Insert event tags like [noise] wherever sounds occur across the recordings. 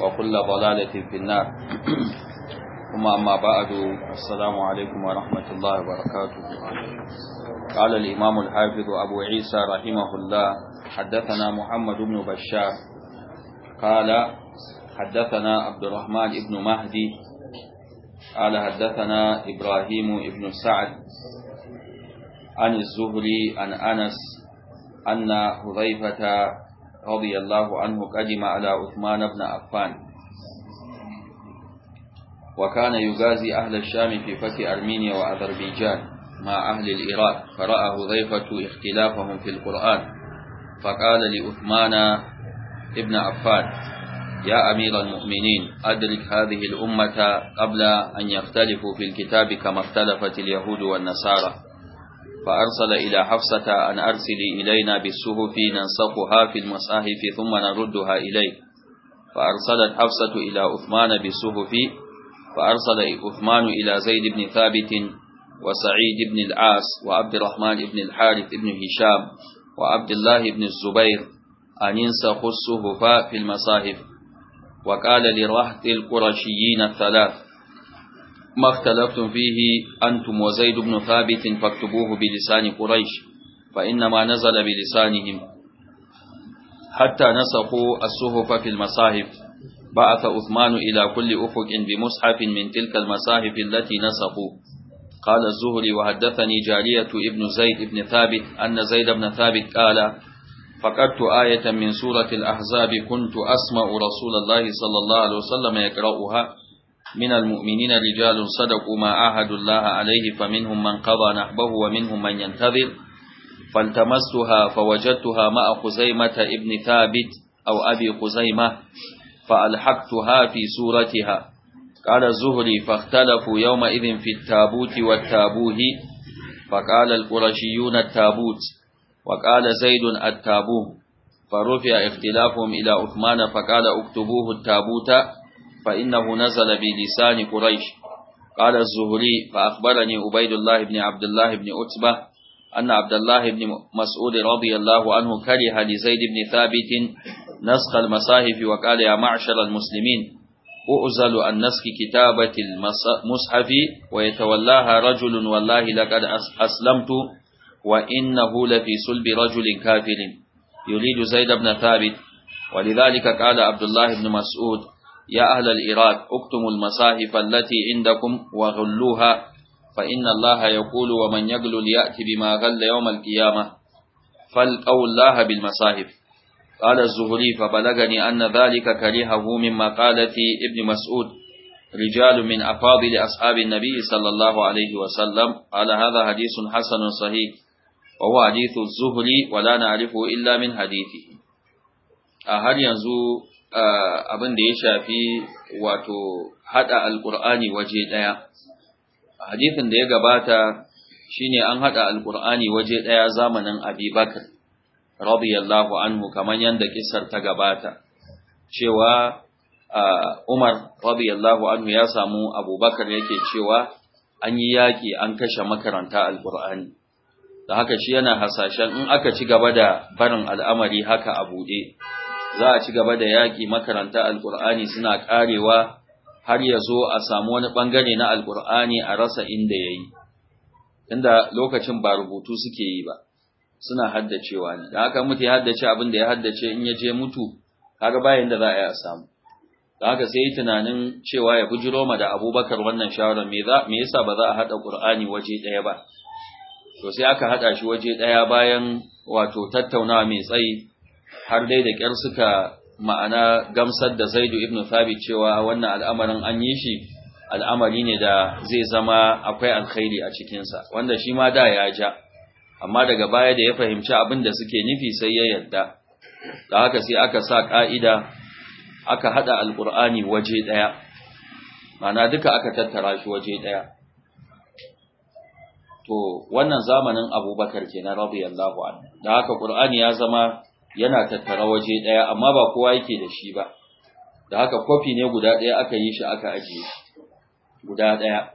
wa kulla balalatin finna kuma ba'a ba'adu assalamu alaikum wa rahmatullahi wa barakatuh qala al imam al hafiz abu isa rahimahullah haddathana muhammad ibn bashar ibn mahdi qala haddathana ibrahim ibn sa'd عن الزهري عن أنس أن هذيفة رضي الله عنه قدم على عثمان بن عفان وكان يغازي أهل الشام في فتح أرمينيا وأذربيجان مع أهل العراق فرأه ضيفة اختلافهم في القرآن فقال لعثمان ابن عفان يا أمير المؤمنين أدرك هذه الأمة قبل أن يختلفوا في الكتاب كما اختلفت اليهود والنصارى فأرسل إلى حفصة أن أرسلي إلينا بالصحف ننسقها في المصاحف ثم نردها إليك فأرسلت حفصة إلى أثمان بالصحف فأرسل أثمان إلى زيد بن ثابت وسعيد بن العاص وعبد الرحمن بن الحارث بن هشام وعبد الله بن الزبير أن ينسخوا الصحف في المصاحف وقال لرهط القرشيين الثلاث ما اختلفتم فيه أنتم وزيد بن ثابت فاكتبوه بلسان قريش فإنما نزل بلسانهم حتى نسقوا الصحف في المصاحف بعث عثمان إلى كل أفق بمصحف من تلك المصاحف التي نسقوا قال الزهري وحدثني جارية ابن زيد ابن ثابت أن زيد بن ثابت قال فقدت آية من سورة الأحزاب كنت أسمع رسول الله صلى الله عليه وسلم يقرأها من المؤمنين رجال صدقوا ما عاهدوا الله عليه فمنهم من قضى نحبه ومنهم من ينتظر فالتمستها فوجدتها مع خزيمة ابن ثابت أو أبي خزيمة فألحقتها في سورتها قال الزهري فاختلفوا يومئذ في التابوت والتابوه فقال القرشيون التابوت وقال زيد التابوه فرفع اختلافهم إلى أثمان فقال اكتبوه التابوت فإنه نزل بلسان قريش قال الزهري فأخبرني عبيد الله بن عبد الله بن عتبة أن عبد الله بن مسعود رضي الله عنه كره لزيد بن ثابت نسخ المصاحف وقال يا معشر المسلمين أؤزل أن نسخ كتابة المصحف ويتولاها رجل والله لقد أسلمت وإنه لفي سلب رجل كافر يريد زيد بن ثابت ولذلك قال عبد الله بن مسعود يا أهل الإراك اكتموا المصاحف التي عندكم وغلوها فإن الله يقول ومن يغل ليأتي بما غل يوم القيامة فالقوا الله بالمصاحف قال الزهري فبلغني أن ذلك كرهه من في ابن مسعود رجال من أفاضل أصحاب النبي صلى الله عليه وسلم قال هذا حديث حسن صحيح وهو حديث الزهري ولا نعرفه إلا من حديثه أهل آه، ينزو abin da ya shafi wato hada alkur'ani waje daya Hadifin da ya gabata shine an hada alkur'ani waje daya zamanin Abibakar radiyallahu anhu kamar yadda Kisar ta gabata cewa umar radiyallahu anhu ya samu abubakar yake cewa an yi yaki an kashe makaranta alkur'ani da haka shi yana hasashen in aka ci gaba da barin al'amari haka a buɗe za a ci gaba da yaƙi makaranta alƙur'ani suna ƙarewa har ya zo a samu wani ɓangare na alƙur'ani a rasa inda ya yi inda lokacin ba rubutu suke yi ba suna haddacewa ne da haka mutu ya haddace abin da ya haddace in ya je mutu har bayan da za a yi a samu da haka sai yi tunanin cewa ya bujiro ma da abubakar wannan shawarar me yasa ba za a haɗa ƙur'ani waje ɗaya ba to sai aka haɗa shi waje ɗaya bayan wato tattaunawa mai tsayi har dai da ƙyar suka ma'ana gamsar da zaidu ibn thabit cewa wannan al'amarin an yi shi al'amari ne da zai zama akwai alkhairi a cikinsa wanda shi ma da ya ja amma daga baya da ya fahimci abin da suke nufi sai ya yarda da haka sai aka sa ƙa'ida aka haɗa alƙur'ani waje ɗaya mana duka aka tattara shi waje ɗaya to wannan zamanin abubakar ke na radiyallahu anhu da haka ƙur'ani ya zama yana tattara waje ɗaya amma ba kowa yake da shi ba da haka kofi ne guda ɗaya aka yi shi aka ajiye guda ɗaya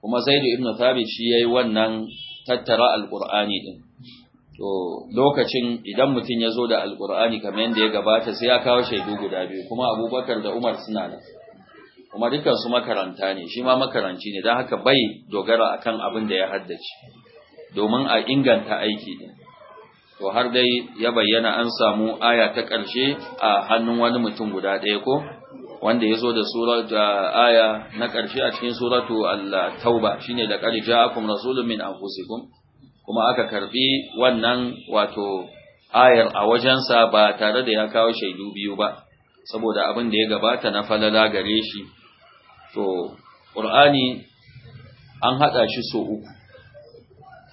kuma zaidu ibn thabit shi yayi wannan tattara alqur'ani din to lokacin idan ya zo da alqur'ani kamar yanda ya gabata sai ya kawo shaidu guda biyu kuma abubakar da umar suna nan kuma dukkan su makaranta ne shi ma makaranci ne dan haka bai dogara akan abin da ya haddace domin a inganta aiki din to har dai ya bayyana an samu aya ta ƙarshe a hannun wani mutum guda ɗaya ko wanda ya zo da aya na ƙarshe a cikin suratu Allah tauba shine da qad ja'akum rasulun min anfusikum kuma aka karbi wannan wato ayar a wajensa ba tare da ya kawo shaidu biyu ba saboda abin da ya gabata na falala gare shi to qur'ani an haɗa shi so uku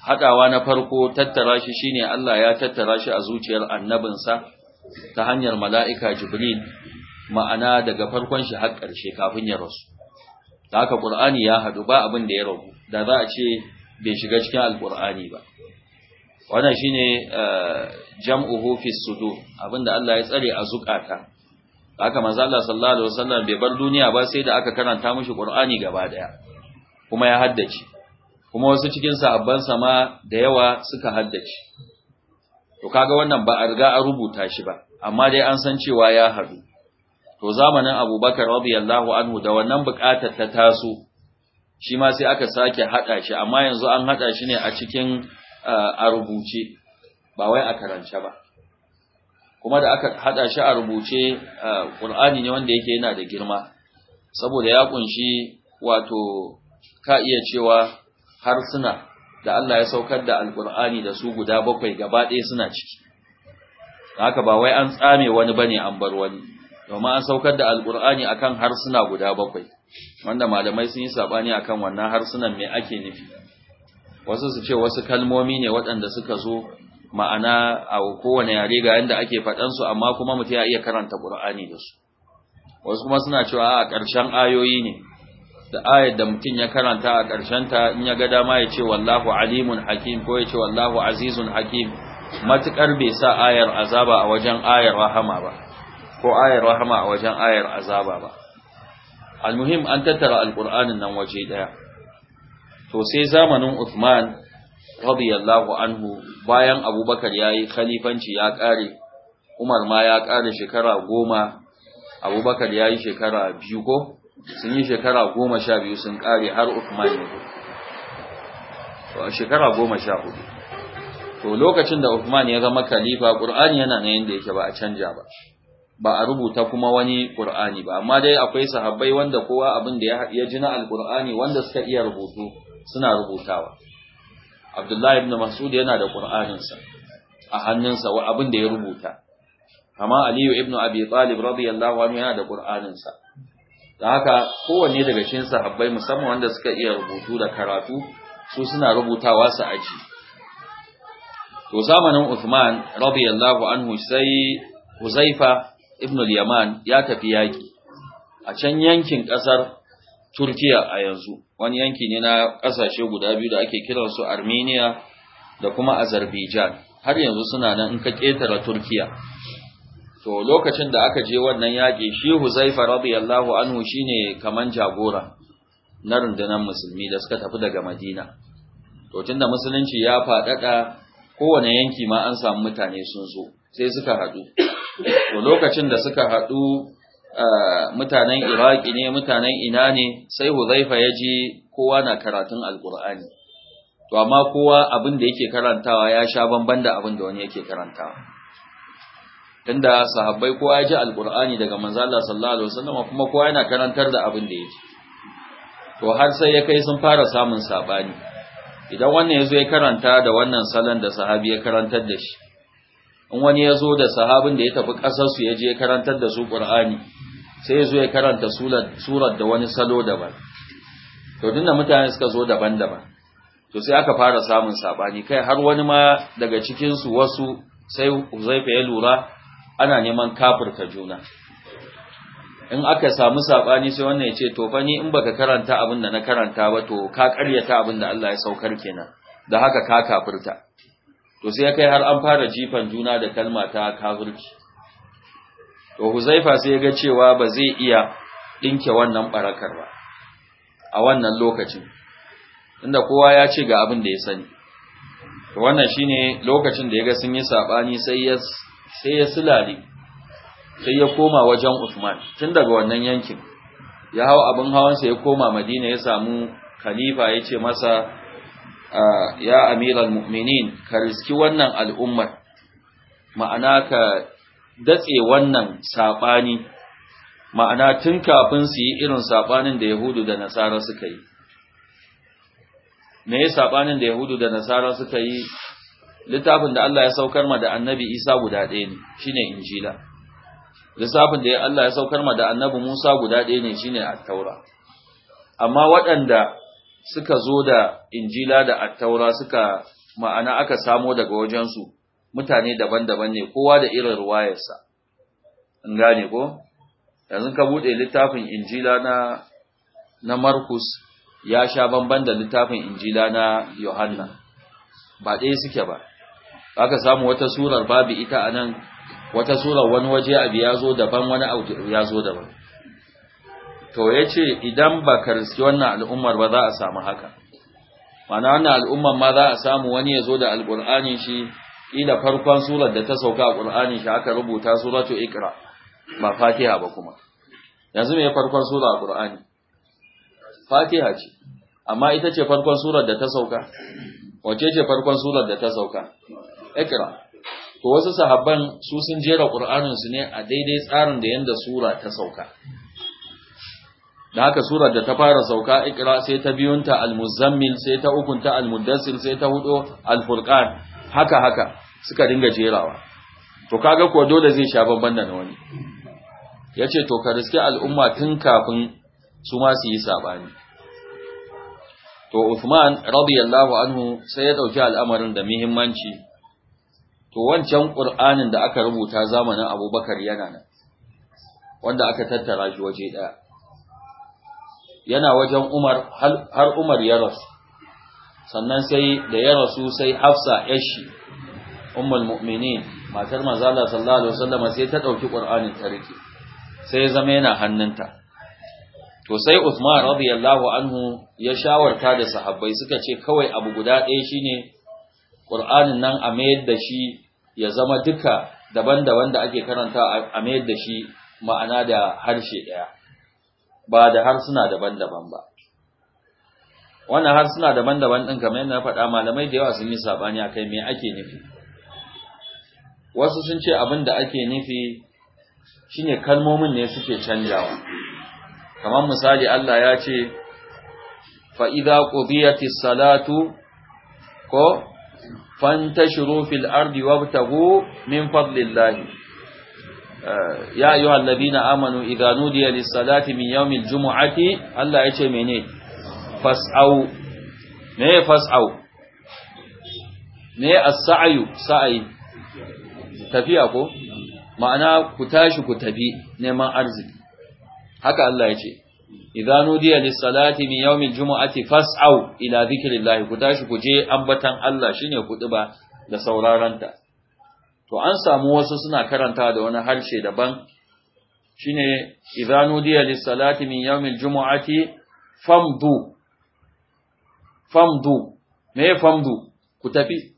haɗawa na farko tattara shi shine Allah ya tattara shi a zuciyar annabinsa ta hanyar mala'ika Jibril ma'ana daga farkon shi har ƙarshe kafin ya rasu da haka ƙur'ani ya haɗu ba abin da ya rabu da za a ce bai shiga cikin alƙur'ani ba wannan shine eh, jam'uhu fi sudur abinda Allah ya tsare a zukata haka manzo Allah sallallahu alaihi wasallam bai bar duniya ba sai da aka karanta mishi ƙur'ani gaba ɗaya. kuma ya haddace kuma wasu cikin sahabban sama da yawa suka haddace to kaga wannan ba a riga a rubuta shi ba amma dai an san cewa ya hadu to zamanin Abubakar radiyallahu anhu da wannan bukatar ta taso shi ma sai aka sake hada shi amma yanzu an hada shi ne a cikin eh, a rubuce ba wai a karance ba kuma da aka haɗa shi a rubuce eh, Qur'ani ne wanda yake yana da girma saboda ya ƙunshi wato ka iya cewa harsuna da Allah ya saukar da alkur'ani da su guda bakwai gaba ɗaya suna ciki haka ba wai an tsame wani bane an bar wani domin an saukar da alkur'ani akan harsuna guda bakwai wanda malamai sun yi sabani akan wannan harsunan me ake nufi wasu su ce wasu kalmomi ne waɗanda suka zo ma'ana a kowane yare ga yanda ake faɗan su amma kuma mutum ya iya karanta Qur'ani da su wasu kuma suna cewa a ƙarshen ayoyi ne da ayar da mutum ya karanta a ƙarshen ta in ya ga dama ya ce wallahu alimun hakim ko ya ce wallahu azizun hakim matukar bai sa ayar azaba a wajen ayar rahama ba ko ayar rahama a wajen ayar azaba ba almuhim an tattara alqur'anin nan waje daya to sai zamanin Uthman radiyallahu anhu bayan Abubakar yayi khalifanci ya kare Umar ma ya kare shekara goma Abubakar yayi shekara biyu ko sun yi shekara goma sha biyu sun kare har Uthman ya zo shekara goma sha hudu to lokacin da Uthman ya zama kalifa Qur'ani yana nan yanda yake ba a canja ba ba a rubuta kuma wani Qur'ani ba amma dai akwai sahabbai wanda kowa abin da ya ji na Al-Qur'ani wanda suka iya rubutu suna rubutawa Abdullahi ibn Mas'ud yana da ƙur'aninsa a hannunsa wa abin da ya rubuta amma Aliyu ibn Abi Talib radiyallahu anhu yana da ƙur'aninsa. da haka kowanne daga cikin sahabbai musamman wanda suka iya rubutu da karatu su suna rubutawa su aji to zamanin Uthman radiyallahu anhu sai Huzaifa ibn al-Yaman ya tafi yaki a can yankin kasar Turkiya a yanzu wani yanki ne na kasashe guda biyu da ake kiran su Armenia da kuma Azerbaijan har yanzu suna nan in ka ketara Turkiya to lokacin da aka je wannan yaƙi shi Huzaifa radiyallahu anhu shine kaman jagora na rundunar musulmi da suka tafi daga Madina to tunda musulunci ya faɗaɗa kowane yanki ma an samu mutane sun zo sai suka haɗu to lokacin da suka haɗu mutanen Iraki ne mutanen ina ne sai Huzaifa ya ji kowa na karatun alkur'ani to amma kowa abin da yake karantawa ya sha bamban da abin da wani yake karantawa tunda sahabbai kowa ya ji alqur'ani daga manzo Allah sallallahu alaihi wasallam kuma kowa yana karantar da abin da yake to har sai ya kai sun fara samun sabani idan wannan yazo ya karanta da wannan salan da sahabi ya karantar da shi in wani yazo da sahabin da ya tafi kasar su ya je karantar da su qur'ani sai yazo ya karanta surar da wani salo daban to dinda mutane suka zo daban-daban to sai aka fara samun sabani kai har wani ma daga cikin su wasu sai Uzaifa ya lura ana neman kafirta juna in aka samu sabani sai wannan ya ce to fa ni in baka karanta abin da na karanta ba to ka karyata abin da Allah ya saukar kenan da haka ka kafirta to sai ya kai har an fara jifan juna da kalma ta kafirci to Huzaifa sai ya ga cewa ba zai iya dinke wannan barakar ba a wannan lokacin inda kowa ya ce ga abin da ya sani to wannan shine lokacin da ya ga sun yi sabani sai ya sai ya sulali sai ya koma wajen Usman. tun daga wannan yankin ya hau abin hawan hawansa ya koma Madina ya samu khalifa ya ce masa ya amiral mu'minin ka riski wannan al'ummar ma'ana ka datse wannan saɓani ma'ana tun kafin su yi irin saɓanin da yahudu da nasara suka yi me ya saɓanin da yahudu da nasara suka yi littafin da Allah ya saukar ma da annabi Isa guda ɗaya ne shi ne injila lissafin da Allah ya saukar ma da annabi Musa guda ɗaya ne shi ne taura amma waɗanda suka zo da injila da Attaura suka ma'ana aka samo daga wajensu mutane daban-daban ne kowa da irin ruwayarsa in gane ko yanzu ka buɗe littafin injila na Markus ya sha bamban da littafin injila na Yohanna ba ɗaya suke ba aka samu wata surar babu ita a nan wata surar wani waje abu ya zo daban wani abu ya zo daban to ya ce idan ba karsi wannan al'ummar ba za a samu haka mana wannan al'ummar ma za a samu wani ya zo da alƙur'anin shi ila farkon surar da ta sauka a ƙur'anin shi aka rubuta suratu ikra ba fatiha ba kuma yanzu me farkon sura a ƙur'ani fatiha ce amma ita ce farkon surar da ta sauka wace ce farkon surar da ta sauka ikra to wasu sahabban su sun jera qur'anin ne a daidai tsarin da yanda sura ta sauka da haka surar da ta fara sauka ikra sai ta biyunta al-muzammil sai ta ukunta al-muddassir sai ta hudo al-furqan haka haka suka dinga jerawa to kaga ko dole zai sha babban da wani yace to ka riske al'umma tun kafin su ma su yi sabani to Uthman radiyallahu anhu sai ya dauki al'amarin da muhimmanci to wancan ƙur'anin da aka rubuta zamanin abubakar yana nan wanda aka tattara shi waje ɗaya yana wajen umar har umar ya rasu sannan sai da ya rasu sai hafsa yashi Umar mu'minin matar manzala sallallahu alaihi wasallam sai ta ɗauki ƙur'anin ta rike sai ya zama yana hannunta to sai Uthman radiyallahu anhu ya shawarta da sahabbai suka ce kawai abu guda ɗaya shine ƙur'anin nan a mayar da shi ya zama duka daban-daban da ake karanta a mayar da shi ma'ana da harshe ɗaya ba da harsuna daban-daban ba wannan harsuna daban-daban ɗin kamar yadda na faɗa malamai da yawa sun yi saɓani a kai me ake nufi wasu sun ce abin da ake nufi shine kalmomin ne suke canjawa kamar misali Allah ya ce fa'ida idza salatu ko fantashiru fil ardi wabtagu min fadlillahi ya ayyuhal ladina amanu idza nudiya lis salati min yawmil jumu'ati Allah yace mene fas'au me fas'au me as-sa'yu sa'i tafiya ko ma'ana ku tashi ku tafi neman arziki haka Allah yace idza nudiya lis-salati min yawmil jumu'ati fas'au ila zikrillah ku tashi ku je ambatan Allah shine kuɗuba da sauraranta to an samu wasu suna karanta da wani harshe daban shine idza nudiya lis-salati min yawmil jumu'ati famdu famdu me famdu ku tafi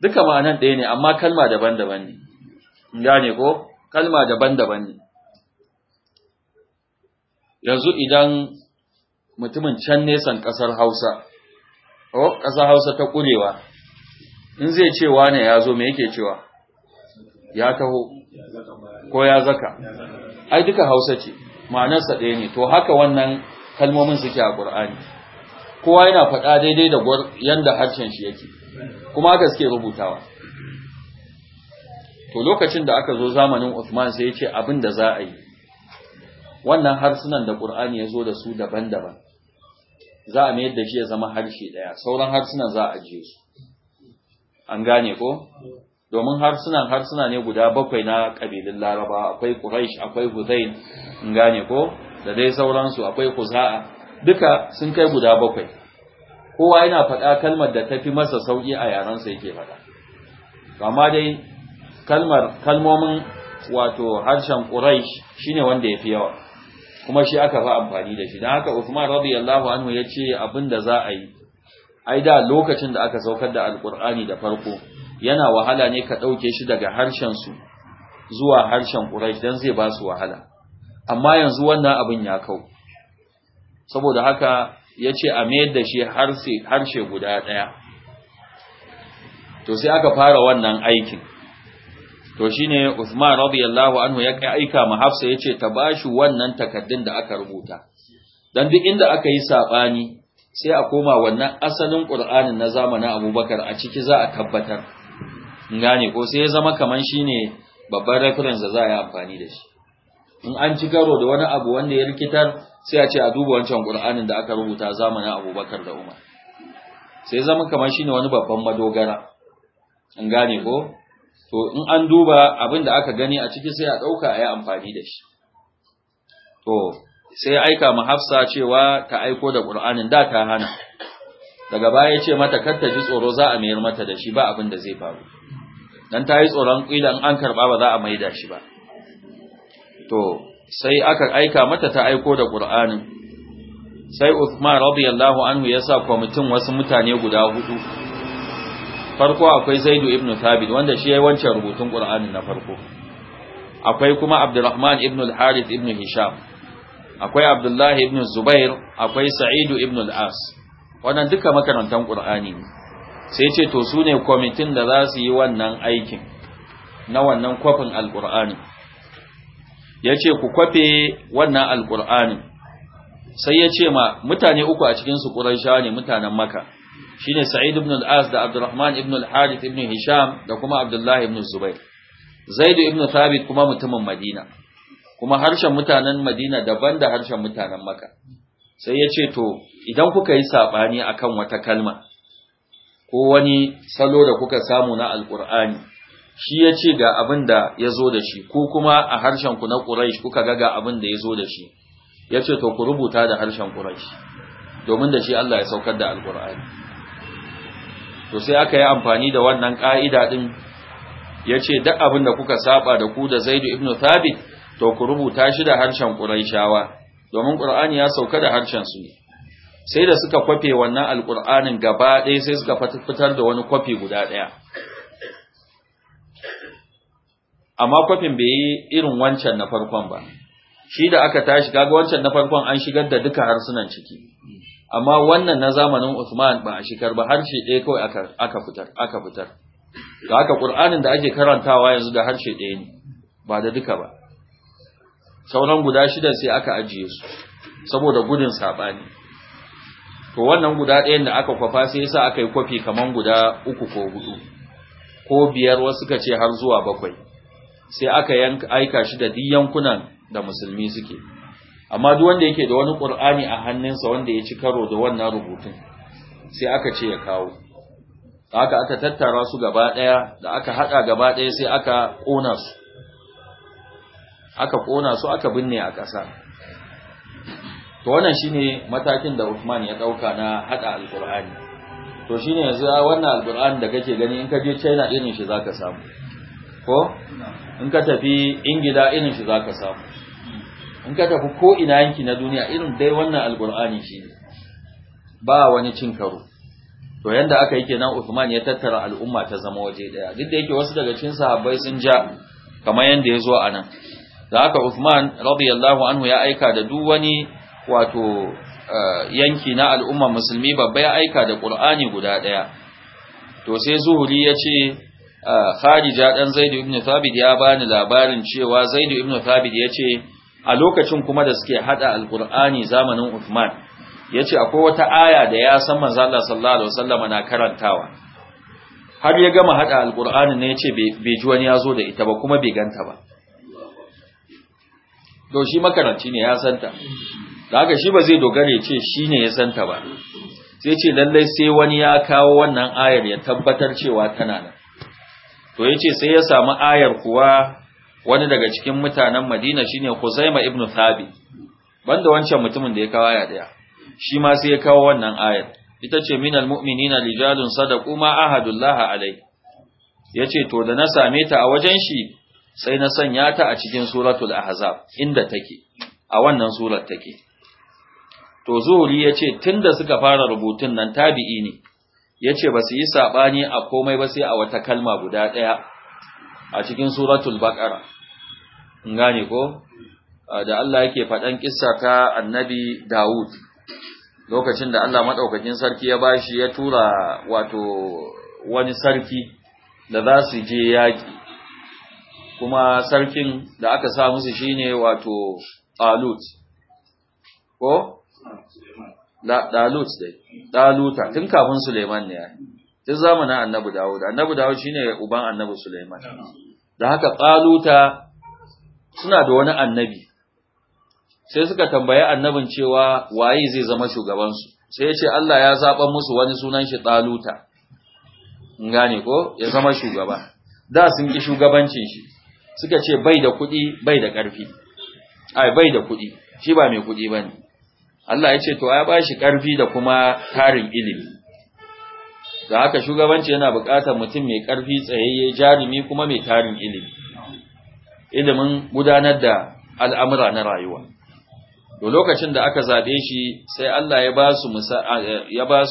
duka ma'anan ɗaya ne amma kalma daban-daban ne gane ko kalma daban-daban ne yanzu idan mutumin can nesan ƙasar Hausa, o, ƙasar Hausa ta ƙurewa, in zai cewa ne ya zo me yake cewa, ya taho, ko ya zaka, ai duka Hausa ce, ma'anarsa ɗaya ne, to haka wannan kalmomin suke a ƙur'ani. Kowa yana faɗa daidai da yanda harshen shi yake, kuma haka suke rubutawa. To lokacin da aka zo zamanin Uthman sai ya ce abin da za a yi, wannan harsunan da Qur'ani ya zo da su daban-daban za a mayar da shi ya zama harshe daya sauran harsunan za a ajiye su an gane ko domin harsunan harsuna ne guda bakwai na kabilun Laraba akwai Quraysh akwai Huzayn an gane ko da dai sauransu akwai Khuza'a duka sun kai guda bakwai kowa yana faɗa kalmar da tafi masa sauki a yarensa yake faɗa amma dai kalmar kalmomin wato harshen Quraysh shine wanda yafi yawa kuma shi aka fi amfani da shi dan haka Uthman radiyallahu anhu ya ce abin da za a yi ai da lokacin da aka saukar da alkur'ani da farko yana wahala ne ka ɗauke shi daga harshen su zuwa harshen Quraysh dan zai ba su wahala amma yanzu wannan abin ya kau saboda haka yace a mayar da shi harshe guda ɗaya to sai aka fara wannan aikin to shine Uthman radiyallahu anhu ya aika ma Hafsa yace ta bashi wannan takaddun da aka rubuta dan duk inda aka yi sabani sai a koma wannan asalin Qur'anin na zamanin Abubakar a ciki za a tabbatar gane ko sai ya zama kaman shine babban reference da za a yi amfani da shi in an ci karo da wani abu wanda ya rikitar sai a ce a duba wancan Qur'anin da aka rubuta zamanin Abubakar da Umar sai zama kamar shine wani babban madogara an gane ko to in an duba abin da aka gani a ciki sai a ɗauka a yi amfani da shi to sai aika mu hafsa cewa ta aiko da ƙur'anin da ta hana daga baya ce mata kar ta ji tsoro za a mayar mata da shi ba abin da zai faru dan ta yi tsoron ƙila in an karɓa ba za a maida shi ba to sai aka aika mata ta aiko da ƙur'anin sai Uthman radiyallahu anhu ya sa kwamitin wasu mutane guda hudu farko akwai zaidu ibn thabit wanda shi yayin wancan rubutun qur'ani na farko akwai kuma abdurrahman ibn al-harith ibn hisham akwai abdullah ibn zubair akwai sa'id ibn al-as wannan duka makarantan qur'ani ne sai ce to su ne kwamitin da za su yi wannan aikin na wannan kwafin qurani yace ku kwafe wannan al al-qur'ani sai yace ma mutane uku a cikin su quraishawa ne mutanen makka shine Sa'id ibn al-As da Abdurrahman ibn al-Harith ibn Hisham da kuma Abdullah ibn Zubair Zaid ibn Thabit kuma mutumin Madina kuma harshen mutanen Madina daban da harshen mutanen Makka sai ya ce to idan kuka yi sabani akan wata kalma ko wani salo da kuka samu na alqur'ani shi ya ce ga abin da ya zo da shi ko kuma a harshen ku na Quraysh kuka ga ga abin da ya zo da shi ya ce to ku rubuta da harshen Quraysh domin da shi Allah ya saukar da alqur'ani to sai aka yi amfani da wannan ka'ida din yace duk abin da kuka saba da ku da Zaid ibn Thabit to ku rubuta shi da harshen Quraishawa domin Qur'ani ya sauka da harshen su ne sai da suka kwafe wannan alqur'anin gaba ɗaya sai suka fitar da wani kwafi guda ɗaya amma kwafin bai yi irin wancan na farkon ba shi da aka tashi kaga wancan na farkon an shigar da duka harsunan ciki amma wannan na zamanin Usman ba a shikar ba harshe ɗaya kawai aka fitar aka fitar da haka Qur'anin da ake karantawa yanzu da harshe ɗaya ne ba da duka ba sauran guda shida sai aka ajiye su saboda gudun sabani to wannan guda ɗayan da aka kwafa sai yasa aka yi kwafi kaman guda uku ko hudu ko biyar wasu suka ce har zuwa bakwai sai aka yanka aika shi da duk yankunan da musulmi suke amma duk wanda yake da wani qur'ani a hannunsa wanda ya ci karo da wannan rubutun sai aka ce ya kawo haka aka tattara su gaba daya da aka hada gaba daya sai aka kona su aka kona su aka binne a ƙasa to wannan shine matakin da Uthman ya dauka na hada alqur'ani to shine yanzu wannan alqur'ani da kake gani in ka je China irin shi zaka samu ko in ka tafi Ingila irin shi zaka samu in ka tafi ko ina yanki na duniya irin dai wannan alqur'ani shi ba wani cin karo to yanda aka yi kenan Uthman ya tattara al'umma ta zama waje daya duk da yake wasu daga cikin sahabbai sun ja kamar yanda ya zo a nan da haka Uthman radiyallahu anhu ya aika da duk wani wato eh, yanki na al'umma musulmi babba ya aika da Qur'ani guda ɗaya. to sai Zuhuri ya ce eh, Khadija dan Zaidu ibn Thabit ya bani labarin cewa Zaidu ibn Thabit ya ce a lokacin kuma da suke hada alqur'ani zamanin Uthman yace akwai wata aya da ya san manzo Allah sallallahu alaihi wasallam na karantawa har ya gama hada alqur'ani ne yace bai ji wani yazo da ita ba kuma bai ganta ba to shi makaranci ne ya santa da haka shi ba zai dogare ce shine ya santa ba sai ce lallai sai wani ya kawo wannan ayar ya tabbatar cewa tana nan to yace sai ya samu ayar kuwa wani daga cikin mutanen Madina shine Khuzaimah ibn Thabit banda wancan mutumin da ya kawo aya daya shi ma sai ya kawo wannan ayar ita ce minal mu'minina rijalun sadaqu ma ahadullah alai yace to da na same ta a wajen shi sai na sanya ta a cikin suratul ahzab inda take a wannan surar take to zuhuri yace tunda suka fara rubutun nan tabi'i ne yace ba su yi sabani a komai ba sai a wata kalma guda daya a cikin suratul baqara gane ko da Allah yake faɗan kissa ta annabi Dawud lokacin da Allah madaukakin sarki ya bashi ya tura wato wani sarki da za su je yaki kuma sarkin da aka sa musu shine wato Talut ko Da Dalut dai Daluta tun kafin Suleiman ne tun zamanin annabi Dawud annabi Dawud shine uban annabi Sulaiman da haka Taluta suna da wani annabi sai suka tambaye annabin cewa waye zai zama shugaban su sai ya ce Allah ya zaba musu wani sunan shi in gane ko ya zama shugaba da sun ki shugabancin shi suka ce bai da kuɗi bai da ƙarfi ai bai da kuɗi shi ba mai kuɗi bane Allah ya ce to ba bashi ƙarfi da kuma tarin ilimi da haka shugabanci yana buƙatar mutum mai ƙarfi tsayayye jarumi kuma mai tarin ilimi ilimin gudanar da al'amura na rayuwa to lokacin da aka zaɓe shi sai Allah ya ba su ya ba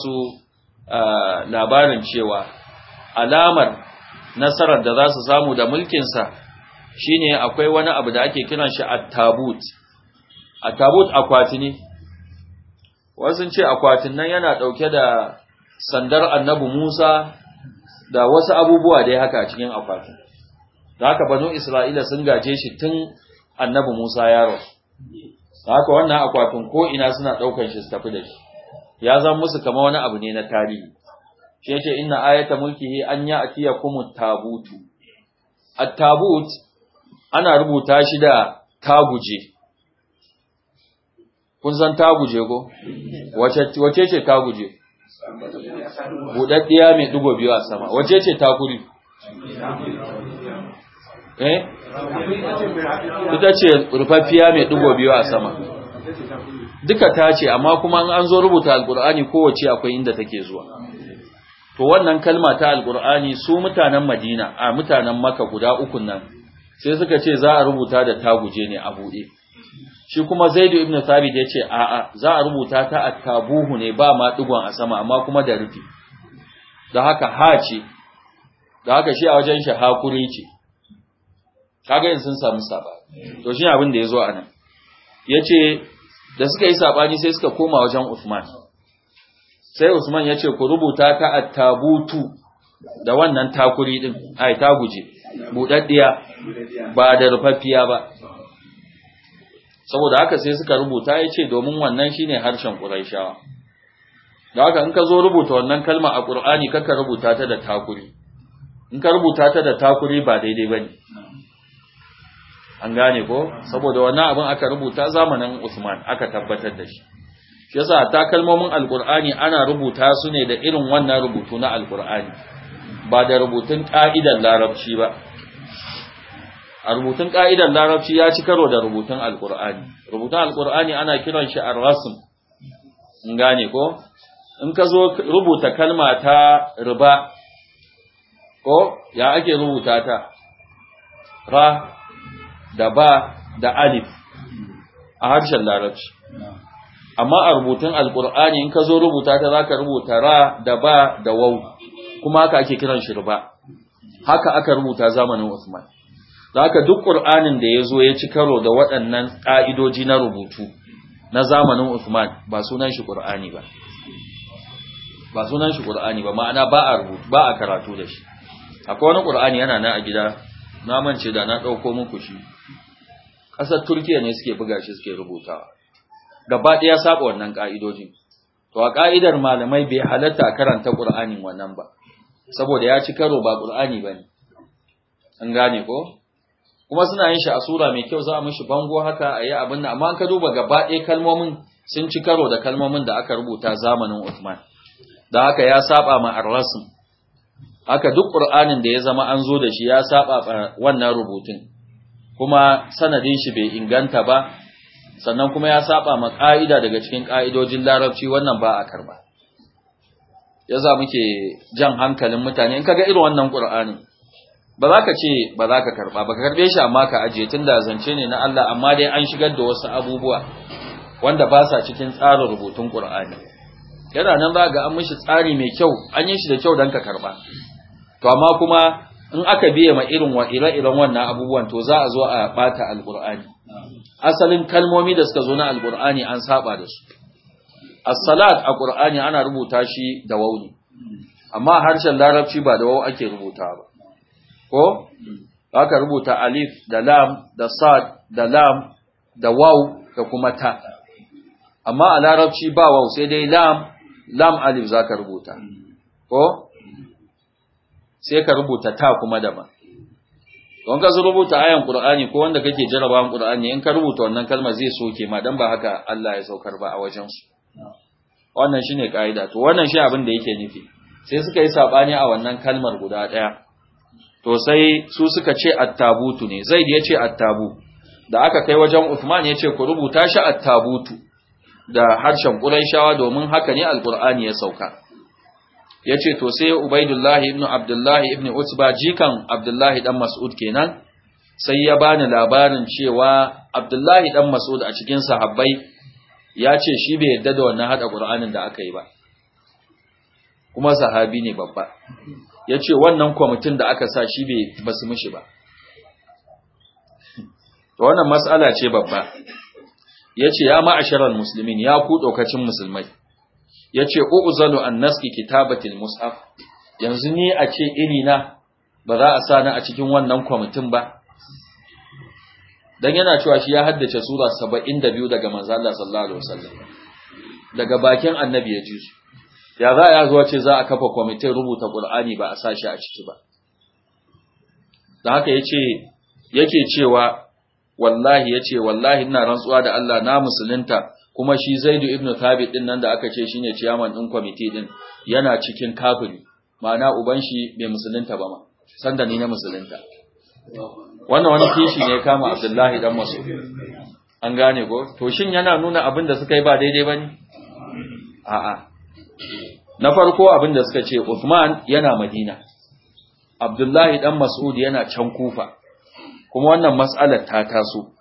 labarin cewa alamar nasarar da za su samu da mulkinsa shine akwai wani abu da ake kiran shi at-tabut at-tabut akwati ne wasu ce akwatin nan yana ɗauke da sandar annabi Musa da wasu abubuwa da ya haka cikin akwatin da haka banu Isra'ila sun gaje shi tun annabi Musa ya da haka wannan akwatin ko ina suna ɗaukar shi su tafi da shi ya zan musu kama wani abu ne na tarihi shi yake inna ayata mulkihi an ya atiya kuma tabutu A tabut ana rubuta shi da taguje kun san taguje ko wace ce taguje buɗaɗɗiya mai ɗigo biyu a sama wace ce takuri eh ita ce rufaffiya mai ɗigo biyu a sama duka ta ce amma kuma an zo rubuta alkur'ani kowace akwai inda take zuwa to wannan kalma ta alkur'ani su mutanen madina a mutanen maka guda ukun nan sai suka ce za a rubuta da ta guje ne a buɗe shi kuma zaidu ibn thabit yace ce a'a za a rubuta ta a tabuhu ne ba ma digon a sama amma kuma da rufi da haka ha da haka shi a wajen shi hakuri ce kaga yin sun samu saba to shi abin da ya zo a nan ya ce da suka yi sabani sai suka koma wajen usman sai usman ya ce ku rubuta ta a tabutu da wannan takuri din ai ta guje budaddiya ba da rufaffiya ba saboda haka sai suka rubuta ya ce domin wannan shine harshen ƙuraishawa da haka in ka zo rubuta wannan kalma a ƙur'ani kaka rubuta ta da takuri in ka rubuta ta da takuri ba daidai ba ne an gane ko saboda wannan abin aka rubuta zamanin usman aka tabbatar da shi shi yasa ta kalmomin alƙur'ani ana rubuta su ne da irin wannan rubutu na alƙur'ani ba da rubutun ƙa'idar larabci ba a rubutun ƙa'idar larabci ya ci karo da rubutun alƙur'ani rubutun alƙur'ani ana kiran shi arrasim in gane ko in ka zo rubuta kalma ta riba ko ya ake rubuta ta ra da ba da alif a harshen larabci amma a rubutun alƙur'ani in ka zo rubuta ta za ka rubuta ra da ba da wau kuma haka ake kiran shi riba haka aka rubuta zamanin usman da haka duk ƙur'anin da ya zo ya ci karo da waɗannan ƙa'idoji na rubutu na zamanin Usman ba sunan shi ƙur'ani ba ba sunan shi ƙur'ani ba ma'ana ba a rubutu ba a karatu da shi akwai wani ƙur'ani yana na a gida na mance da na ɗauko muku shi ƙasar Turkiyya ne suke buga shi suke rubutawa gaba ɗaya saba wannan ƙa'idojin to a ƙa'idar malamai bai halatta karanta ƙur'anin wannan ba saboda ya ci karo ba ƙur'ani ba ne an gane ko kuma suna yin shi a sura mai kyau za a mishi bango haka a yi abin nan amma an ka duba gaba ɗaya kalmomin sun ci karo da kalmomin da aka rubuta zamanin Uthman da haka ya saba ma ar-rasm haka duk Qur'anin da ya zama an zo da shi ya saba wannan rubutun kuma sanadin shi bai inganta ba sannan kuma ya saba ma ka'ida daga cikin ka'idojin Larabci wannan ba a karba yasa muke jan hankalin mutane in kaga irin wannan Qur'anin ba za ka ce ba za ka karba ba ka karbe shi amma ka ajiye tun da zance ne na Allah amma dai an shigar da wasu abubuwa wanda ba sa cikin tsarin rubutun Qur'ani yana nan za ga an mishi tsari mai kyau an yi shi da kyau dan ka karɓa. to amma kuma in aka biye ma irin wa ire-iren wannan abubuwan to za a zo a bata alqur'ani asalin kalmomi da suka zo na alqur'ani an saba da su as-salat a qur'ani ana rubuta shi da wauni amma harshen larabci ba da wau ake rubuta ba ko aka rubuta alif da lam da sad da lam da waw da kuma ta amma a larabci ba waw sai dai lam lam alif zaka rubuta ko sai ka rubuta ta kuma da To don ka rubuta ayan qur'ani ko wanda kake jarabawan qur'ani in ka rubuta wannan kalmar zai soke ma dan ba haka Allah ya saukar ba a wajen su wannan shine kaida to wannan shi abin da yake nufi sai suka yi sabani a wannan kalmar guda daya to sai su suka ce attabutu ne zai ya ce attabu da aka kai wajen Uthman ya ce ku rubuta shi attabutu da harshen Qurayshawa domin haka ne alqur'ani ya sauka yace to sai Ubaydullah ibn Abdullah ibn Utba jikan Abdullah dan Mas'ud kenan sai ya bani labarin cewa Abdullah dan Mas'ud a cikin sahabbai ya ce shi bai yadda da wannan hada Qur'anin da aka yi ba kuma sahabi ne babba ya ce wannan kwamitin da aka sa shi ba basu mishi ba wannan matsala ce babba ya ce ya ma'asharar musulmin ya ku ɗaukacin musulmai ya ce zano, an naski kitabatil mus'af yanzu ni a ce irina ba za a sani a cikin wannan kwamitin ba dan yana cewa shi ya haddace sura saba'in da biyu daga manzala sallallahu alaihi wasallam daga bakin annabi ya ji su ya za a zuwa ce za a kafa kwamitin rubuta Al-Qur'ani ba a sashi a ciki ba da haka yace yake cewa wallahi yace wallahi ina rantsuwa da Allah na musulunta kuma shi Zaidu ibn Thabit din nan da aka ce shine chairman din kwamiti din yana cikin kafiri ma'ana uban shi bai musulunta ba ma sanda ni na musulunta wannan wani kishi ne kama Abdullahi dan Mas'ud an gane ko to shin yana nuna abin da suka yi ba daidai bane a'a na farko abin da suka ce Uthman yana Madina Abdullahi dan Mas'ud yana can Kufa kuma wannan matsalar ta taso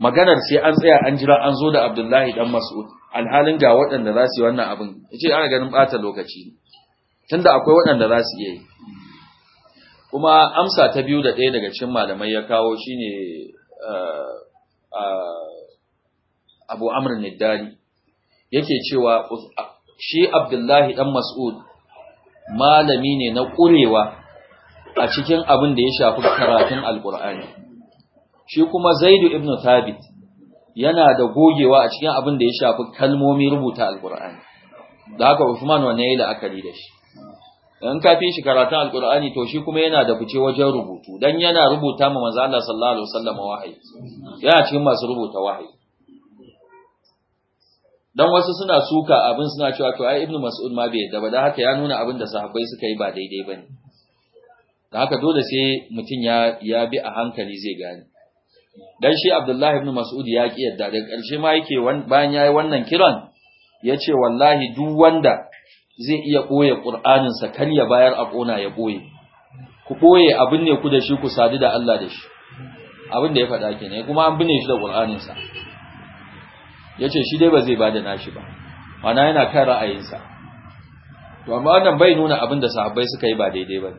maganar sai an tsaya an jira an zo da Abdullahi dan Mas'ud alhalin ga waɗanda za su yi wannan abin yace ana ganin bata lokaci tunda akwai waɗanda za su yi kuma amsa ta biyu da ɗaya daga cikin malamai ya kawo shine eh, eh, Abu Amr Niddari yake cewa shi abdullahi dan mas'ud malami ne na ƙurewa a cikin abin da ya shafi karatun alƙur'ani shi kuma zaidu ibn thabit yana da gogewa a cikin abin da ya shafi kalmomi rubuta alƙur'ani da haka Uthman wanne yayi la'akari da shi in ka shi karatun alƙur'ani to shi kuma yana da fice wajen rubutu dan yana rubuta ma manzo Allah sallallahu alaihi wasallam wahayi yana cikin masu rubuta wahayi dan wasu suna suka abin suna cewa to ai ibnu mas'ud ma bai yadda ba haka ya nuna abin da sahabbai suka yi ba daidai bane Da haka dole sai mutum ya ya bi a hankali zai gane dan shi abdullahi ibnu mas'ud ya ki yadda da karshe ma yake bayan yayi wannan kiran yace wallahi duk wanda zai iya boye qur'anin sa kar ya bayar a kona ya boye ku boye abin ne ku da shi ku sadu da Allah da shi abin da ya faɗa kenan kuma an bine shi da qur'anin sa ya ce shi dai ba zai bada nashi ba mana yana kan ra'ayinsa to amma wannan bai nuna abin da sahabbai suka yi ba daidai ba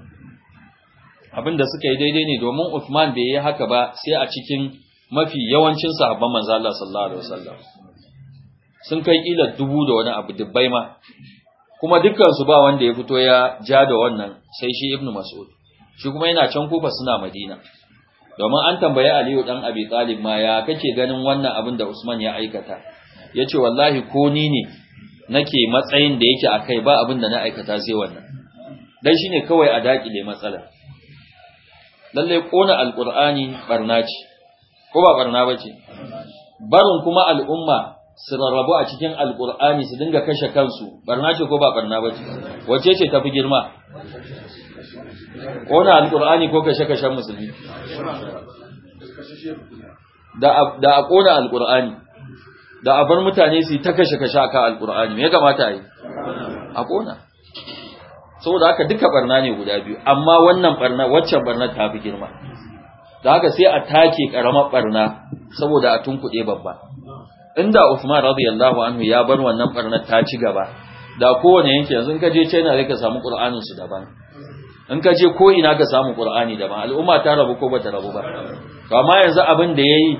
abin da suka yi daidai ne domin Uthman bai yi haka ba sai a cikin mafi yawancin sahabban manzo Allah sallallahu alaihi wasallam sun kai kila dubu da wani abu dubbai ma kuma dukkan su ba wanda ya fito ya ja da wannan sai shi Ibn Mas'ud shi kuma yana can kufa suna Madina domin an tambaye Aliyu dan Abi Talib ma ya kake ganin wannan abin da Usman ya aikata yace wallahi ko ni ne nake matsayin da yake akai ba abin da na aikata sai wannan dan shine kawai a dakile matsala lalle kona alqur'ani barna ce ko ba barna bace barin kuma al'umma su rarrabu a cikin alqur'ani su dinga kashe kansu barna ce ko ba barna bace wace ce tafi girma kona Alƙur'ani ko kashe kashe musulmi da a kona Alƙur'ani, da a bar mutane su ta kashe-kashe a kan alkur'ani me kamata yi a kona saboda haka duka barna ne guda biyu amma wannan barna waccan barna ta fi girma da haka sai a take karamar barna saboda a tunkuɗe babba inda Uthman radiyallahu anhu ya bar wannan barnar ta ci gaba da kowane yanki yanzu in ka je China zai ka samu Qur'anin su daban in ka je ko ina ka samu qur'ani da ba al'umma ta rabu ko ta rabu ba to amma yanzu abin da yayi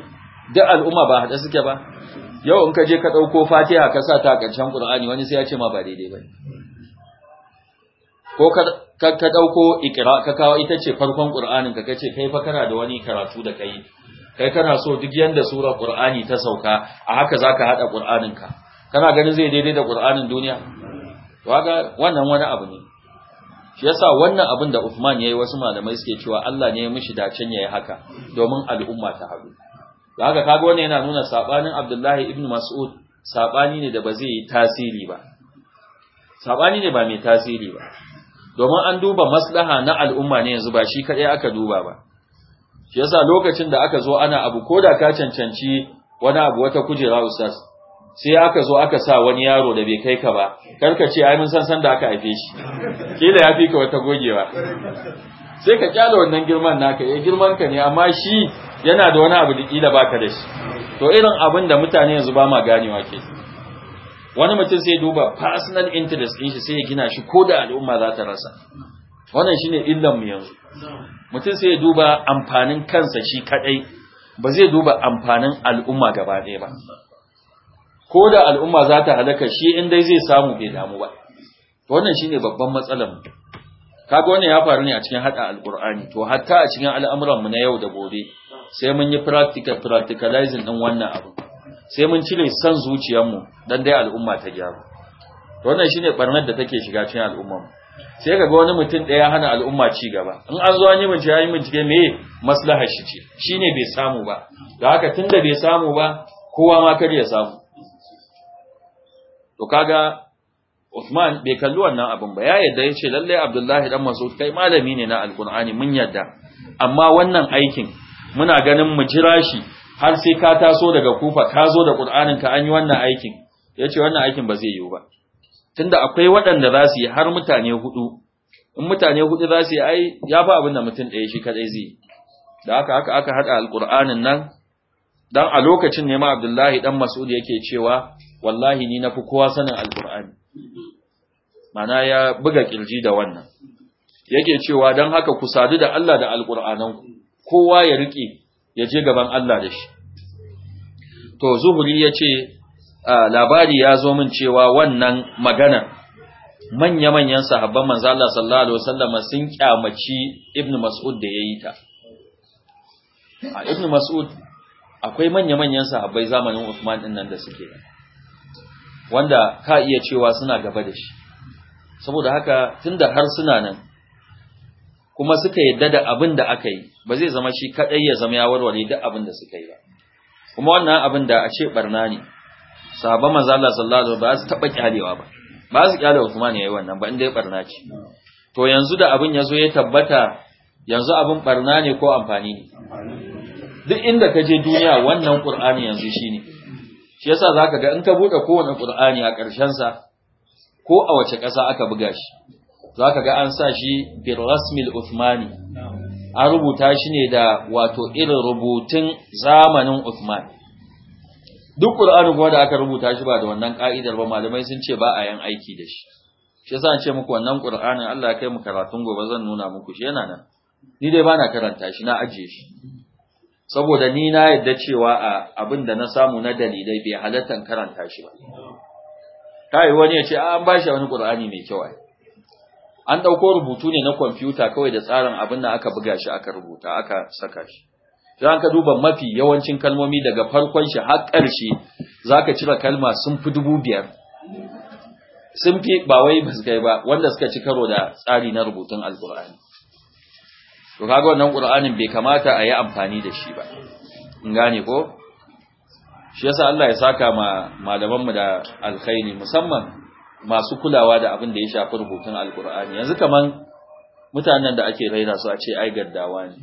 duk al'umma ba hada suke ba yau in ka je ka dauko fatiha ka sa ta a qur'ani wani sai ya ce ma ba daidai bane ko ka ka dauko ikra ka kawo ita ce farkon qur'anin ka kace kai fa kana da wani karatu da kai kai kana so duk yanda sura qur'ani ta sauka a haka zaka hada qur'anin ka kana ganin zai daidai da qur'anin duniya to haka wannan wani abu ne shi yasa wannan abin da Uthman yayi wasu malamai suke cewa Allah ne ya mishi dacen yayi haka domin al'umma ta haɗu da haka kaga wannan yana nuna sabanin Abdullahi ibn Mas'ud sabani ne da ba zai yi tasiri ba sabani ne ba mai tasiri ba domin an duba maslaha na al'umma ne yanzu ba shi kaɗai aka duba ba shi yasa lokacin da aka zo ana abu ko da ka cancanci wani abu wata kujera ustaz sai aka zo aka sa wani yaro da bai kai ka ba karka ce ai mun san san da aka haife shi kila ya fi ka wata gogewa sai ka kyale wannan girman naka ya eh, girman ka ne amma shi yana da wani abu da kila baka da shi to irin abin da mutane yanzu ba ma ganewa ke wani mutum sai duba personal interest din shi sai ya gina shi ko da al'umma za ta rasa wannan shine illan mu yanzu mutum sai ya duba amfanin kansa shi kaɗai, ba zai duba amfanin al'umma gaba ɗaya ba ko da al'umma za ta halaka shi in dai zai samu bai damu ba wannan shine babban matsalar mu kaga wannan ya faru ne a cikin hada alqur'ani to hatta a cikin al'amuran mu na yau da gobe sai mun yi practical practicalizing din wannan abu sai mun cire san zuciyar mu dan dai al'umma ta gyaru to wannan shine barnar da take shiga cikin al'umma mu sai kaga wani mutum daya hana al'umma ci gaba in an zo an yi bincike an yi bincike me maslahar shi ce shine bai samu ba da haka tun da bai samu ba kowa ma kar ya samu to kaga Uthman bai kalli wannan abin ba ya yadda yace lalle Abdullahi dan Mas'ud kai malami ne na Alkur'ani mun yadda amma wannan aikin muna ganin mu jira shi har sai ka taso daga Kufa ka zo da Qur'anin ka an yi wannan aikin yace wannan aikin ba zai yiwu ba tunda akwai waɗanda za su yi har mutane hudu in mutane hudu za su yi ai ya fa abin da mutum ɗaya shi kadai zai da haka haka aka hada Alkur'anin nan dan a lokacin ne ma Abdullahi dan Mas'ud yake cewa wallahi ni fi kowa sanin alkur'ani mana ya buga kirji da wannan yake cewa don haka ku sadu da Allah da alkur'ananku kowa ya rike ya je gaban Allah da shi to zuhuri ya ce labari ya zo min cewa wannan magana manya-manyan sahabban manzo Allah sallallahu alaihi wasallam sun kyamaci ibnu mas'ud da yayi ta ibnu mas'ud akwai manya-manyan sahabbai zamanin Usman din nan da suke da wanda ka iya cewa suna gaba da shi saboda haka tunda har suna nan kuma suka yadda da abin da aka yi ba zai zama shi kadai ya zama ya warware duk abin da suka yi ba kuma wannan abin da a ce barna ne sahaba manzo Allah sallallahu alaihi wasallam ba su taba kyalewa ba ba su kyale Uthman yayi wannan ba inda ya barna ce to yanzu da abin yazo ya tabbata yanzu abin barna ne ko amfani ne duk inda ka je duniya wannan Qur'ani yanzu shine shi yasa zaka ga in ka bude kowane Qur'ani a ƙarshen sa ko a wace ƙasa aka buga shi ka ga an sa shi bil rasmil Uthmani an rubuta shi ne da wato irin rubutun zamanin Uthman duk Qur'ani kuma da aka rubuta shi ba da wannan ka'idar ba malamai sun ce ba a yan aiki da shi shi yasa an ce muku wannan Kur'anin? Allah ya kai mu karatun gobe zan nuna muku shi yana nan ni dai bana karanta shi na ajiye shi saboda ni na yadda cewa a abin da na samu na dalilai bai halatta karanta shi ba kai wani ya ce an ba shi wani qur'ani mai kyau ai an dauko rubutu ne na kwamfuta kawai da tsarin abin da aka buga shi aka rubuta aka saka shi sai ka duba mafi yawancin kalmomi daga farkon shi har ƙarshe zaka cire kalma sun fi dubu biyar sun fi ba wai ba ba wanda suka ci karo da tsari na rubutun alqur'ani to kaga wannan qur'anin bai kamata a yi amfani da shi ba in gane ko shi yasa Allah ya saka ma malamanmu da alkhairi musamman masu kulawa da abin da ya shafi rubutun alkur'ani yanzu kaman mutanen da ake raina su a ce ai gaddawa ne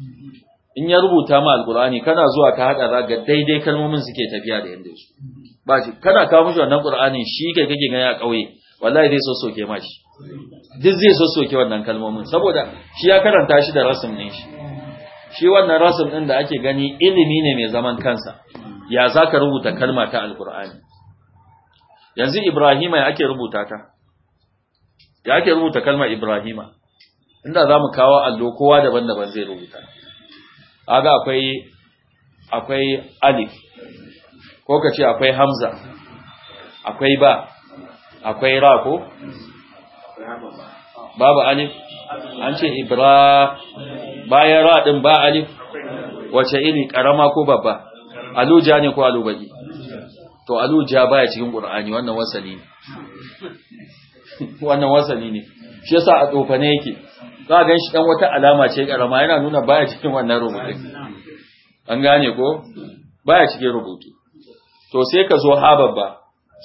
in ya rubuta ma alkur'ani kana zuwa ka hada raga daidai kalmomin suke tafiya da yanda su ba shi kana kawo mishi wannan qur'anin shi kai kake gani a kauye wallahi dai so soke ma shi duk zai so soke wannan kalmomin saboda shi ya karanta shi da rasim ɗin shi shi wannan rasim din da ake gani ilimi ne mai zaman kansa ya za ka rubuta kalma ta alkur'ani yanzu ibrahima ya ake rubuta ta ya ake rubuta kalma ibrahima inda zamu kawo allo kowa daban-daban zai rubuta aga akwai akwai alif ko kace ce akwai hamza akwai ba akwai ra ko babu alif an ce ibra bayan ra din ba alif wace iri karama ko babba aluja ne ko alubaji to aluja baya cikin qur'ani wannan wasali ne [laughs] wannan wasali ne shi yasa a tsofane yake za ga shi dan wata alama ce karama yana nuna baya cikin wannan rubutu. an gane ko baya cikin rubutu to sai ka zo ha babba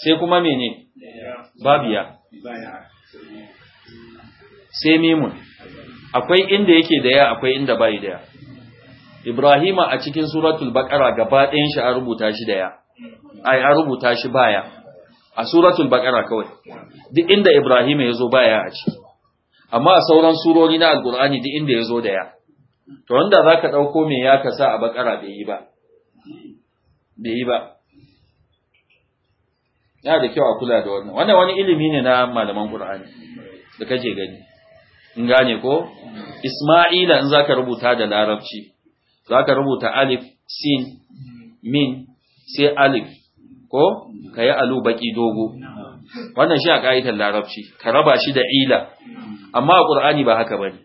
sai kuma mene babiya sai mimun akwai inda yake da ya akwai inda bai da ya Ibrahima a cikin suratul baqara gaba ɗayan shi an rubuta shi da ya ai an rubuta shi baya a suratul baqara kawai duk inda Ibrahima yazo baya a ciki amma a sauran surori na alqur'ani duk inda yazo da ya to wanda zaka dauko me ya kasa a baqara bai yi ba bai yi ba yana da kyau a kula da wannan wannan wani ilimi ne na malaman Qur'ani da kaje gani in gane ko Isma'ila in zaka rubuta da Larabci zaka rubuta alif sin min sai alif ko kai alu baki dogo wannan shi a ka'idar Larabci ka raba shi da ila amma a Qur'ani ba haka bane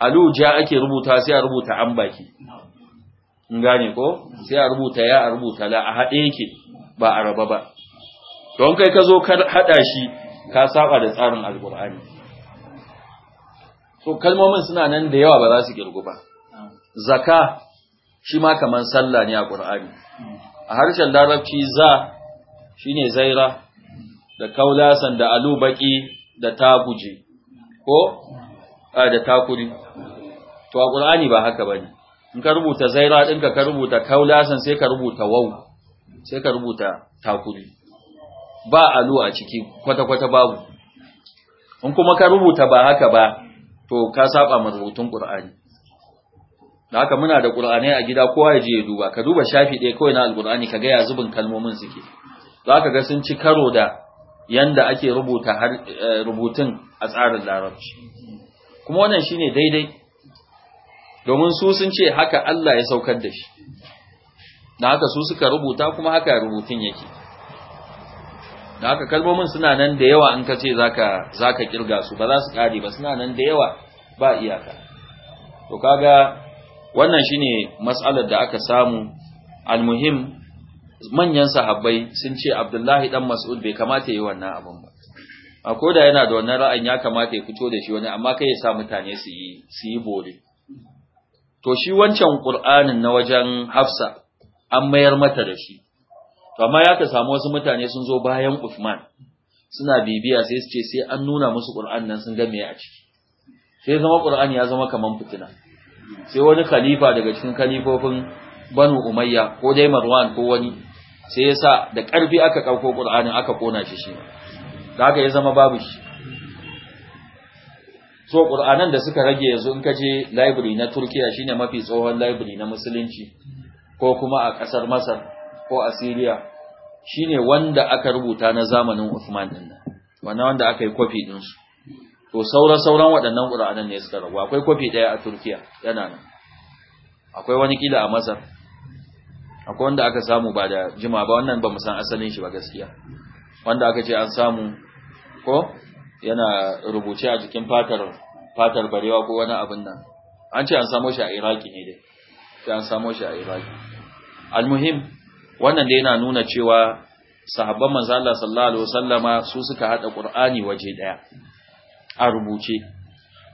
alu ja ake rubuta sai a rubuta an baki in gane ko sai a rubuta ya a rubuta la a haɗe yake ba a raba ba don kai ka zo ka haɗa shi ka saba da tsarin alkur'ani to kalmomin suna nan da yawa ba za su girgu ba zaka shi ma kaman sallah ne a ƙur'ani a harshen larabci za shine zaira da kaulasan da alubaki da taguje ko da takuri to a ƙur'ani ba haka ba ne. in ka rubuta zaira ɗinka ka rubuta kaulasan sai ka rubuta wau sai ka rubuta takuri ba alu a ciki kwata-kwata babu in kuma ka rubuta ba haka ba to ka saba ma rubutun Qur'ani da haka muna da Qur'ani a gida kowa ya je ya duba ka duba shafi ɗaya kawai na al ƙurani ka ga ya zubin kalmomin suke za ka ga sun ci karo da yanda ake rubuta har eh, rubutun a tsarin Larabci kuma wannan shine daidai domin su sun ce haka Allah ya saukar da shi da haka su suka rubuta kuma haka rubutun yake da haka kalmomin suna nan da yawa in ka ce zaka zaka kirga su ba za su kare ba suna nan da yawa ba iyaka to kaga wannan shine mas'alar da aka samu almuhim manyan sahabbai sun ce Abdullahi dan Mas'ud bai kamata yi wannan abin ba a koda yana da wannan ra'ayin ya kamata ya fito da shi wani amma kai ya sa mutane su yi su yi bore to shi wancan Qur'anin na wajen Hafsa an mayar mata da shi to amma ya ka samu wasu mutane sun zo bayan Uthman suna bibiya sai su ce sai an nuna musu Qur'an nan sun ga a ciki sai zama Qur'ani ya zama kaman fitina sai wani khalifa daga cikin khalifofin Banu Umayya ko dai Marwan ko wani sai ya sa da ƙarfi aka ƙauko Qur'anin aka kona shi shi da haka ya zama babu shi so Qur'anan da suka rage yanzu in je library na Turkiya shine mafi tsohon library na musulunci ko kuma a ƙasar Masar ko a Syria shine wanda aka rubuta na zamanin Uthman din nan wannan wanda aka yi copy din su to saura sauran waɗannan Qur'anan ne suka rabu akwai copy daya a Turkiya yana nan akwai wani kila a Masar akwai wanda aka samu ba da jima ba wannan ba mu san asalin shi ba gaskiya wanda aka ce an samu ko yana rubuce a jikin fatar fatar barewa ko wani abin nan an ce an samo shi a Iraki ne dai sai an samo shi a Iraki almuhim wannan da yana nuna cewa sahabban manzo Allah sallallahu alaihi wasallama su suka hada Qur'ani waje daya a rubuce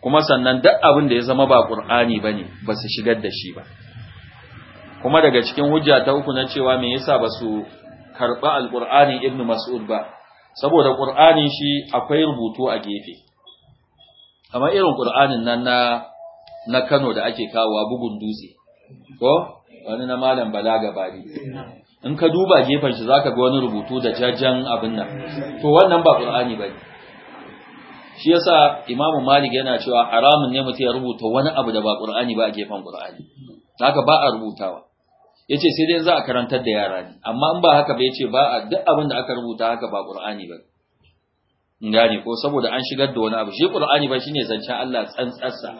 kuma sannan duk abin da ya zama ba Qur'ani bane ba su shigar da shi ba kuma daga cikin hujja ta uku na cewa me yasa ba su karba alqur'ani Ibn Mas'ud ba saboda Qur'anin shi akwai rubutu a gefe kamar irin Qur'anin nan na na Kano da ake kawowa bugun dutse ko wani na malam balaga bari in ka duba gefen shi zaka ga wani rubutu da jajjan abin nan to wannan ba qur'ani bane shi yasa Imam malik yana cewa haramun ne mutum ya rubuta wani abu da ba qur'ani ba a gefen qur'ani haka ba a rubutawa yace sai dai za a karantar da yara ne amma in ba haka ba yace ba a duk abin da aka rubuta haka ba qur'ani ba in ko saboda an shigar da wani abu shi qur'ani ba shine zancen Allah tsantsarsa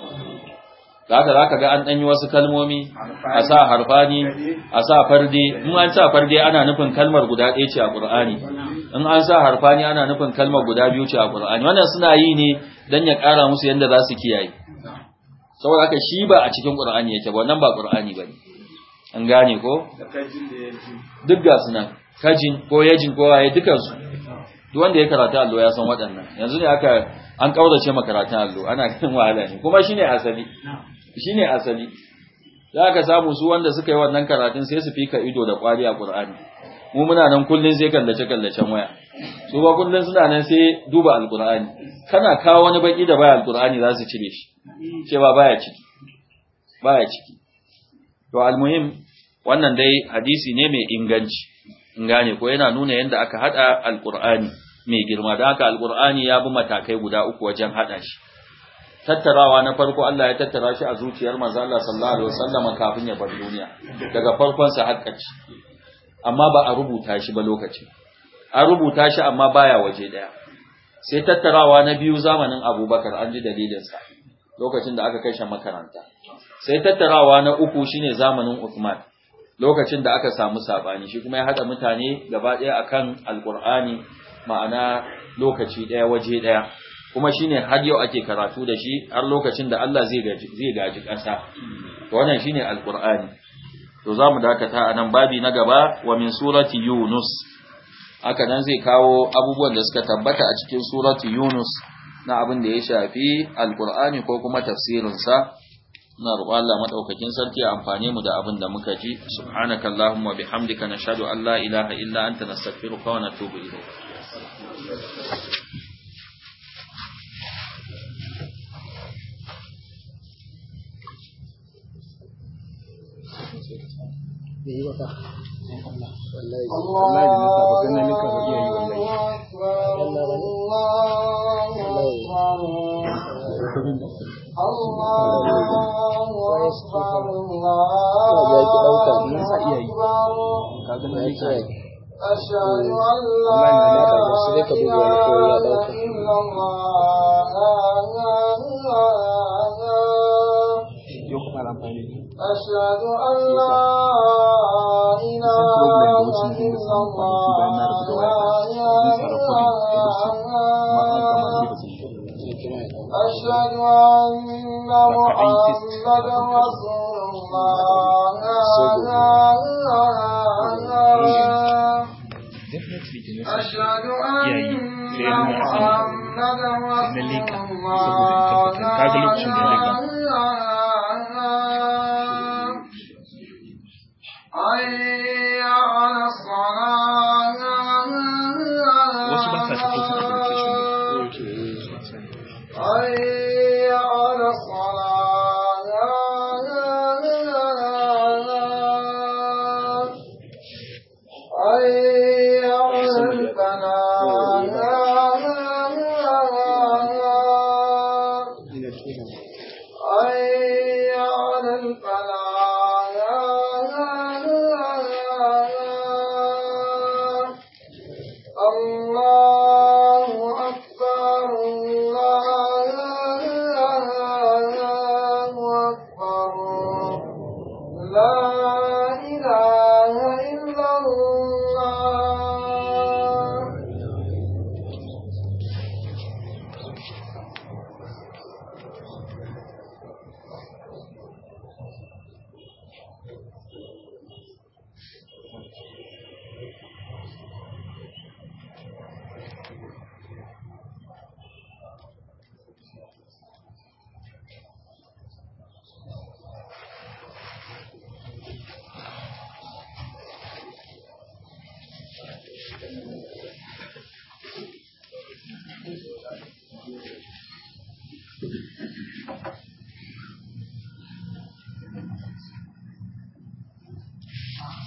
da haka zaka ga an danyi wasu kalmomi a sa harfani a sa farde in an sa farde ana nufin kalmar guda ɗaya ce a Qur'ani in an sa harfani ana nufin kalmar guda biyu ce a Qur'ani wannan suna yi ne dan ya ƙara musu yanda za su kiyaye saboda haka shi ba a cikin Qur'ani yake ba wannan ba Qur'ani bane an gane ko duk ga suna kajin ko yajin ko waye dukansu duk wanda ya karata allo ya san waɗannan yanzu ne aka an kaurace makaratun allo ana kan wahala ne kuma shine asali shi ne asali za ka samu su wanda suka yi wannan karatun sai su fi ka ido da kwari a ƙur'ani? mu muna nan kullun sai kallace kallacen waya su ba kullun suna nan sai duba Alƙur'ani. kana kawo wani baki da baya Alƙur'ani za su cire shi cewa baya ciki baya ciki to almuhim wannan dai hadisi ne mai inganci in gane ko yana nuna yadda aka hada Alƙur'ani mai girma da haka Alƙur'ani ya bi matakai guda uku wajen hada shi tattarawa na farko Allah ya tattara shi a zuciyar manzo Allah sallallahu alaihi wasallam kafin ya bar duniya daga farkon sa har amma ba a rubuta shi ba lokaci. an rubuta shi amma baya waje daya sai tattarawa na biyu zamanin Abubakar an ji dalilin sa lokacin da aka kai shi makaranta sai tattarawa na uku shine zamanin Uthman lokacin da aka samu sabani shi kuma ya hada mutane gaba daya akan alqur'ani ma'ana lokaci daya waje daya kuma shine har yau ake karatu da shi har lokacin da Allah zai gaji ƙasa to wannan shine alqur'ani to zamu dakata a nan babi na gaba wa min surati yunus haka nan zai kawo abubuwan da suka tabbata a cikin surati yunus na abin da ya shafi alqur'ani ko kuma tafsirin sa na roƙon Allah madaukakin sarki ya amfane mu da abin da muka ji subhanakallahumma bihamdika nashhadu an la ilaha illa anta nastaghfiruka wa natubu ilayk da yi wata da yi أشهد أن لا إله إلا الله أشهد أن لا إله إلا الله لا إله أشهد أن محمدا رسول الله أشهد أن محمدا رسول الله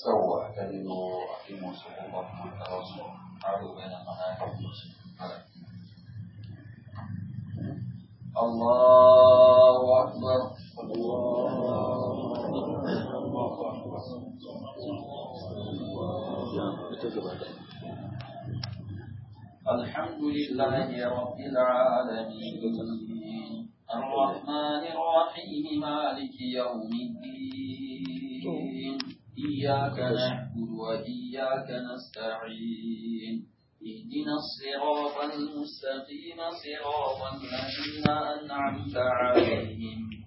استووا اعتدلوا واقيموا صفوفكم وتواصوا اعلوا بين المناكب الله اكبر الحمد لله رب العالمين الرحمن الرحيم مالك يوم الدين إياك نعبد وإياك نستعين اهدنا الصراط المستقيم صراط الذين أنعمت عليهم